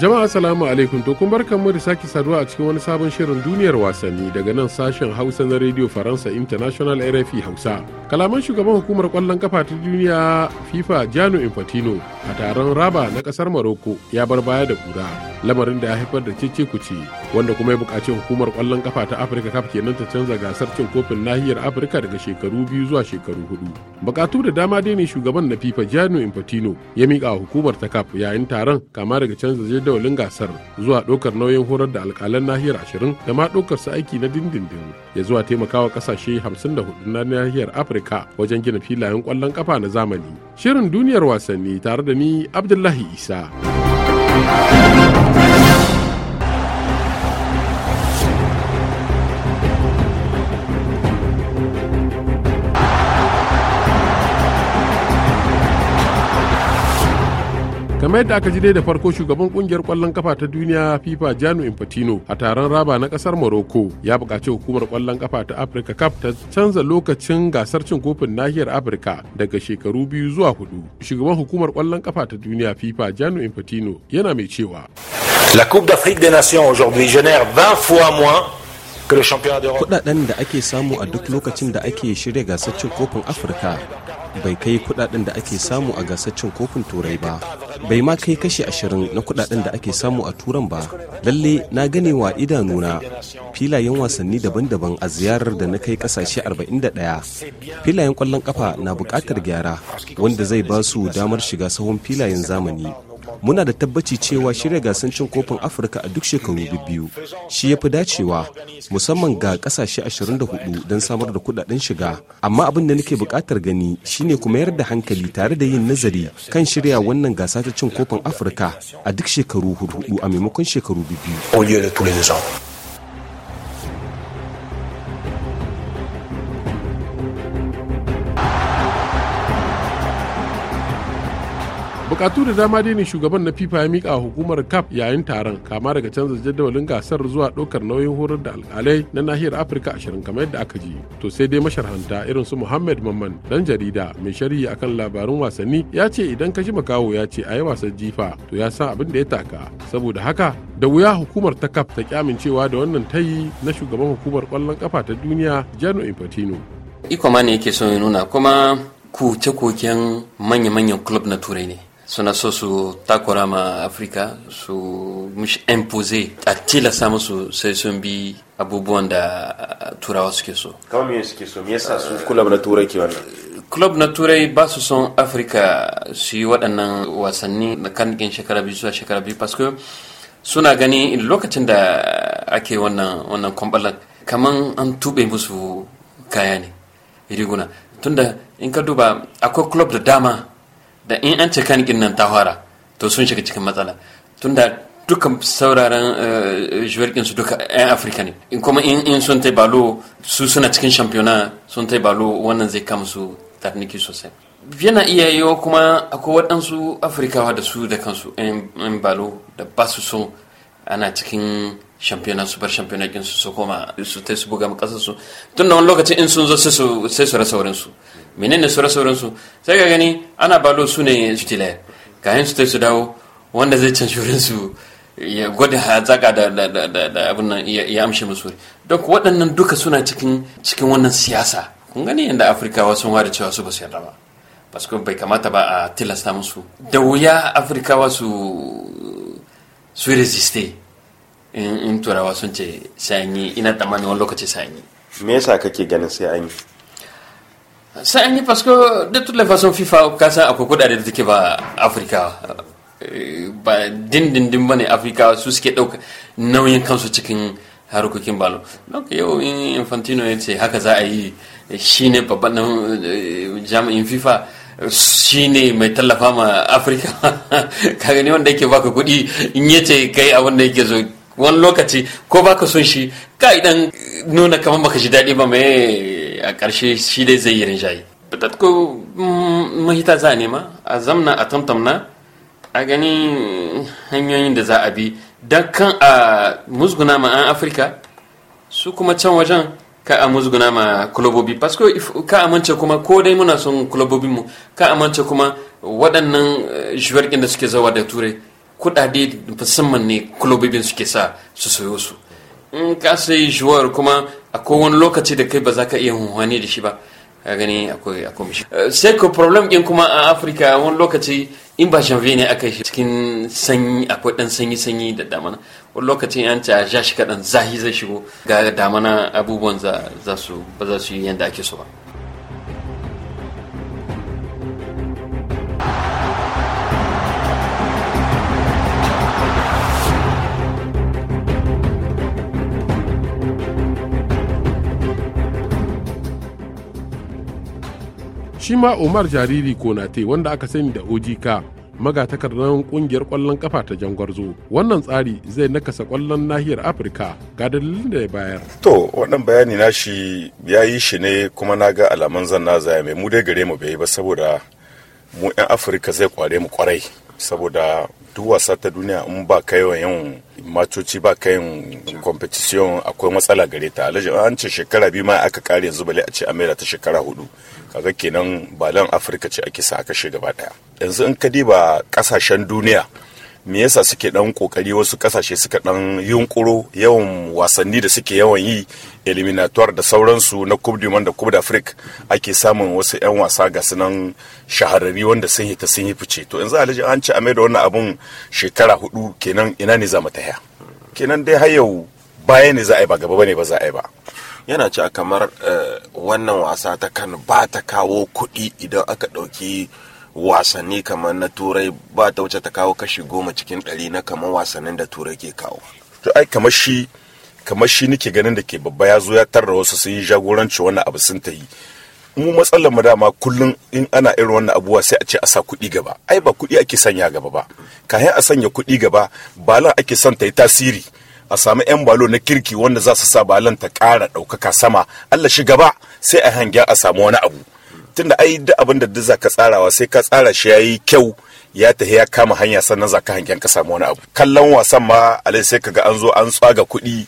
Jama'a salamu alaikum to kun barkanmu da sake saduwa a cikin wani sabon shirin duniyar wasanni daga nan sashen Hausa na Radio Faransa International RFI Hausa. Kalaman shugaban hukumar kwallon kafa ta duniya FIFA Jano Infantino a taron Raba na kasar Morocco ya bar baya da kura lamarin da ya haifar da cece kuce wanda kuma ya buƙaci hukumar ƙwallon kafa ta afirka kaf kenan ta canza gasar cin kofin nahiyar afirka daga shekaru biyu zuwa shekaru hudu buƙatu da dama dai ne shugaban na fifa gianni infantino ya miƙa hukumar ta kaf yayin taron kama daga canza jadawalin gasar zuwa ɗaukar nauyin horar da alƙalan nahiyar ashirin da ma ɗaukar su aiki na dindindin ya zuwa taimakawa ƙasashe hamsin da hudu na nahiyar afirka wajen gina filayen ƙwallon kafa na zamani shirin duniyar wasanni tare da ni abdullahi isa kamar yadda aka ji dai da farko shugaban kungiyar kwallon kafa ta duniya fifa janu infantino a taron raba na kasar morocco ya bukaci hukumar kwallon kafa ta africa cup ta canza lokacin gasar cin kofin nahiyar afirka daga shekaru biyu zuwa hudu shugaban hukumar kwallon kafa ta duniya fifa janu infantino yana mai cewa La Coupe d'Afrique des Nations aujourd'hui génère 20 fois moins Kudaden da ake samu a duk lokacin da ake shirya gasar cin kofin Afirka bai kai kudaden da ake samu a gasar cin kofin turai ba bai ma kai kashi ashirin na kudaden da ake samu a turan ba lalle na gane wa idanuna filayen wasanni daban-daban a ziyarar da na kai kasashe 41 filayen kwallon kafa na bukatar gyara wanda zai ba su damar shiga sahun filayen zamani muna da tabbaci cewa shirya gasar cin kofin afirka a duk shekaru biyu shi ya fi dacewa musamman ga kasashe 24 don samar da kudaden shiga amma abin da nake bukatar gani shine kuma yar da hankali tare da yin nazari kan shirya wannan gasa ta cin kofin afirka a duk shekaru hudu a maimakon shekaru biyu bukatu da dama dai ne shugaban na fifa ya mika hukumar cap yayin taron kama daga canza jadawalin gasar zuwa ɗaukar nauyin horar da alkalai na nahiyar afirka ashirin kamar yadda aka ji to sai dai masharhanta irin su muhammad mamman dan jarida mai sharhi akan labarun wasanni ya ce idan ka ji makawo ya ce a yi wasan jifa to ya san abin da ya taka saboda haka da wuya hukumar ta cap ta kyamincewa da wannan tayi na shugaban hukumar kwallon kafa ta duniya jano infantino ikoma ne yake son ya nuna kuma kuce-kuken manya-manyan club na turai ne suna so su takorama afrika su mishi impose a tilasa musu sai sun bi abubuwan da turawa suke so kawai me suke so me yasa su club na turai ke wannan club na turai ba su son afrika su yi waɗannan wasanni na kan shekara biyu zuwa shekara biyu paske suna gani lokacin da ake wannan wannan kwambalan kaman an tube musu kaya ne riguna tunda in ka duba akwai club da dama da in an ce kan nan ta fara to sun shiga cikin matsala tunda dukkan sauraren eh, juwarkin su duka 'yan afirka ne in kuma in sun ta balo su suna cikin shampiyona sun tai balo wannan zai kama su tarniki sosai yana iya yiwa kuma akwai waɗansu afirkawa da su da kansu 'yan balo da ba su so ana cikin shampiyona super shampiyona kin su su koma su ta su buga su tun da wani lokacin in sun zo sai su rasa wurin su menene su rasa wurin sai ka gani ana balo su ne fitila kayan su ta su dawo wanda zai canci wurin ya gwada hazaƙa da abin nan ya amshi musu don waɗannan duka suna cikin cikin wannan siyasa kun gani yadda afirkawa sun ware cewa su ba su yarda ba basu bai kamata ba a tilasta musu da wuya afirkawa su su resiste in turawa sun ce sanyi an yi ina tsammanin wani lokaci sanyi me yasa kake ganin sai an yi sai an yi fasko da tulle fason fifa san akwai kudade da take ba afirka eh, ba dindindin ba ne afirka su suke dauka nauyin kansu cikin harkokin balo don yau in infantino ya ce haka za a yi shi ne babban eh, jami'in fifa shi ne mai tallafa ma afirka ka gani wanda yake baka kuɗi in yace kai abin da yake zo wani lokaci ko baka son shi ka idan nuna kamar baka ji daɗi ba mai a ƙarshe shi dai zai yi rinjaye fitat ko mm, mahita za a nema a zamna a tamtamna a gani hanyoyin da za a bi don kan a musguna ma an afirka su kuma can wajen ka a musguna ma kulobobi parce ka a mance kuma ko dai muna son kulobobin ka ka mance kuma waɗannan eh, shuwarkin da suke zawa da turai kudade musamman ne kulobibin suke sa su sayo su in ka sai shuwar kuma akwai wani lokaci da kai ba za ka iya hunhani da shi ba a gani akwai akwai shi eh, sai ko problem din kuma a afirka wani lokaci in ba shanve ne aka shi cikin sanyi akwai dan sanyi sanyi da damana wani lokaci an ta ja shi kadan zahi zai shigo ga damana abubuwan za su ba za su yi yadda ake so ba shi ma omar jariri konate wanda aka sani da ojika magatakardar kungiyar kwallon kafa ta jangwarzo wannan tsari zai nakasa kwallon nahiyar afirka ga dalilin da ya bayar to wannan bayani na shi ya yi shi ne kuma na ga alamun zanna zaya mai mu dai gare mu bai ba saboda mu 'yan afirka zai kware mu kwarai saboda duk wasa ta duniya in ba ka yawan Matoci ba kayan competition akwai matsala gare ta alhaji an ce shekara biyu ma aka kare yanzu bale a ce amera ta shekara hudu kaga kenan balan afirka ce ake sa aka gaba daya yanzu in ka diba kasashen duniya me yasa suke dan kokari wasu kasashe suka dan yunkuro yawan wasanni da suke yawan yi eliminatoire da sauransu na coupe du monde da coupe d'afrique ake samun wasu yan wasa ga sunan shahararri wanda sun yi sun yi fice to yanzu alhaji an ci amai da wannan abun shekara hudu kenan ina ne za mu taya kenan dai har yau baya ne za a yi ba gaba bane ba za a yi ba yana cewa kamar eh, wannan wasa ta kan ba ta kawo kuɗi idan aka ɗauki wasanni kamar na turai ba ta wuce ta kawo kashi goma cikin ɗari na kamar wasannin da turai ke kawo to ai kamar shi kamar shi nake ganin da ke babba ya zo ya tarra wasu sun yi jagoranci wannan abu sun ta yi mu matsalar mu dama kullum in ana irin wannan abubuwa sai a ce a sa kuɗi gaba ai ba kuɗi ake sanya gaba ba kayan a sanya kuɗi gaba balan ake son ta yi tasiri a samu 'yan balo na kirki wanda za su sa balan ta ƙara ɗaukaka sama allah shi gaba sai a hangen a samu wani abu tunda ai duk abin da duk zaka tsarawa sai ka tsara shi ya yi kyau ya tafi ya kama hanya sannan zaka hangen ka samu wani abu kallon wasan ma alai sai kaga an zo an tsaga kuɗi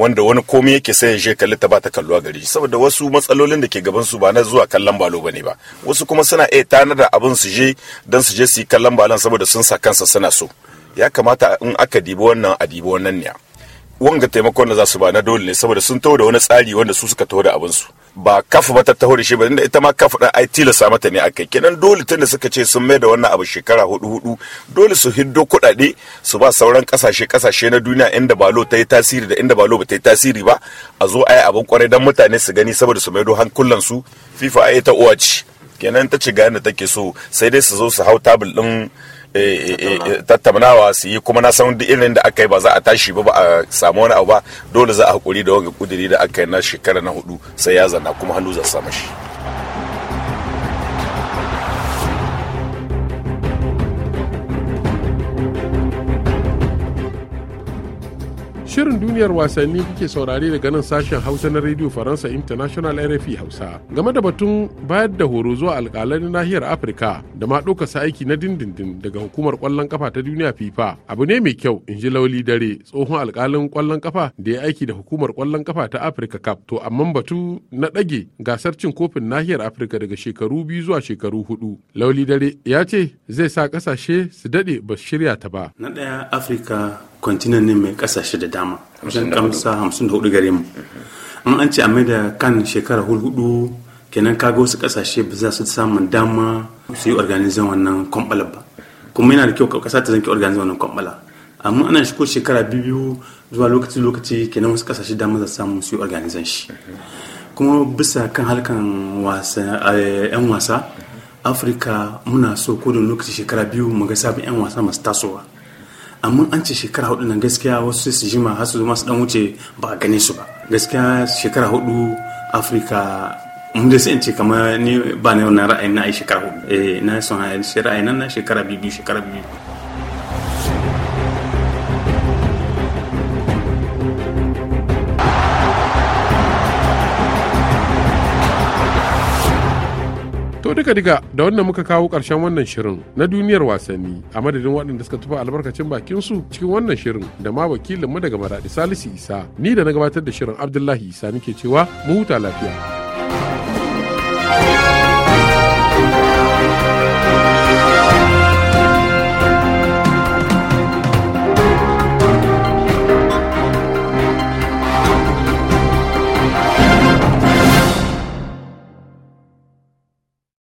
wanda wani komai yake sai ya je kalli ta ba ta kallo a gari saboda wasu matsalolin da ke gaban su ba na zuwa kallon balo ne ba wasu kuma suna iya tanar da abin su je dan su je su yi kallon balon saboda sun sa kansa suna so ya kamata in aka dibi wannan a dibi wannan ne wanga taimakon da za su ba na dole ne saboda sun taho da wani tsari wanda su suka taho da abin su ba kafa ba ta taho da shi ba inda ita ma kafa da ai la mata ne akai kenan dole tunda suka ce sun mai da wannan abu shekara hudu hudu dole su hiddo kuɗaɗe su ba sauran kasashe kasashe na duniya inda balo ta yi tasiri da inda balo ba ta yi tasiri ba a zo ai abin kwarai dan mutane su gani saboda su maido hankulan su FIFA ai ta uwa ce kenan ta ci ga take so sai dai su zo su hau tabul din Eh, eh, eh, tattaunawa su yi kuma na san duk irin da aka yi ba za a tashi ba ba a samu wani abu ba dole za a hakuri da wanga kudiri da aka yi na shekara na hudu sai ya zana kuma hannu za su shi Shirin duniyar wasanni kuke saurare daga nan sashen Hausa na Radio Faransa International RFI Hausa. Game da batun bayar da horo zuwa alƙalan nahiyar Afirka da ma ɗaukasa aiki na dindindin daga hukumar ƙwallon kafa ta duniya FIFA. Abu ne mai kyau in ji Lauli Dare tsohon alƙalin ƙwallon kafa da ya aiki da hukumar kwallon kafa ta Afirka Cup. To amma batu na ɗage gasar cin kofin nahiyar Afirka daga shekaru biyu zuwa shekaru hudu. Lauli Dare ya ce zai sa ƙasashe su daɗe ba shirya ta ba. Na ɗaya Afirka kwantinan ne mai kasashe da dama kusan kamsa hamsin da hudu gare mu an an ce a mai da kan shekara hudu kenan kaga wasu kasashe ba za su samun dama su yi organizan wannan kwamɓala ba kuma yana da kyau kasa ta zanke organizan wannan kwamɓala amma ana shi ko shekara biyu zuwa lokaci lokaci kenan wasu kasashe dama za su samu su yi organizan shi kuma bisa kan halkan eh, yan wasa afirka muna so kodin lokaci shekara biyu mu ga sabon yan wasa masu tasowa amma an ce shekara hudu nan gaskiya wasu sai su jima har su zo masu dan wuce ba a gane su ba gaskiya shekara hudu afirka mun dai sai in ce kamar ni ba na yau na ra'ayin na ai shekara hudu eh na son ra'ayin na shekara biyu shekara biyu duka diga da wannan muka kawo ƙarshen wannan shirin na duniyar wasanni a madadin waɗanda suka tufa albarkacin bakin su cikin wannan shirin da ma wakilin mu daga maraɗi salisu isa ni da na gabatar da shirin abdullahi isa nake cewa mu huta lafiya.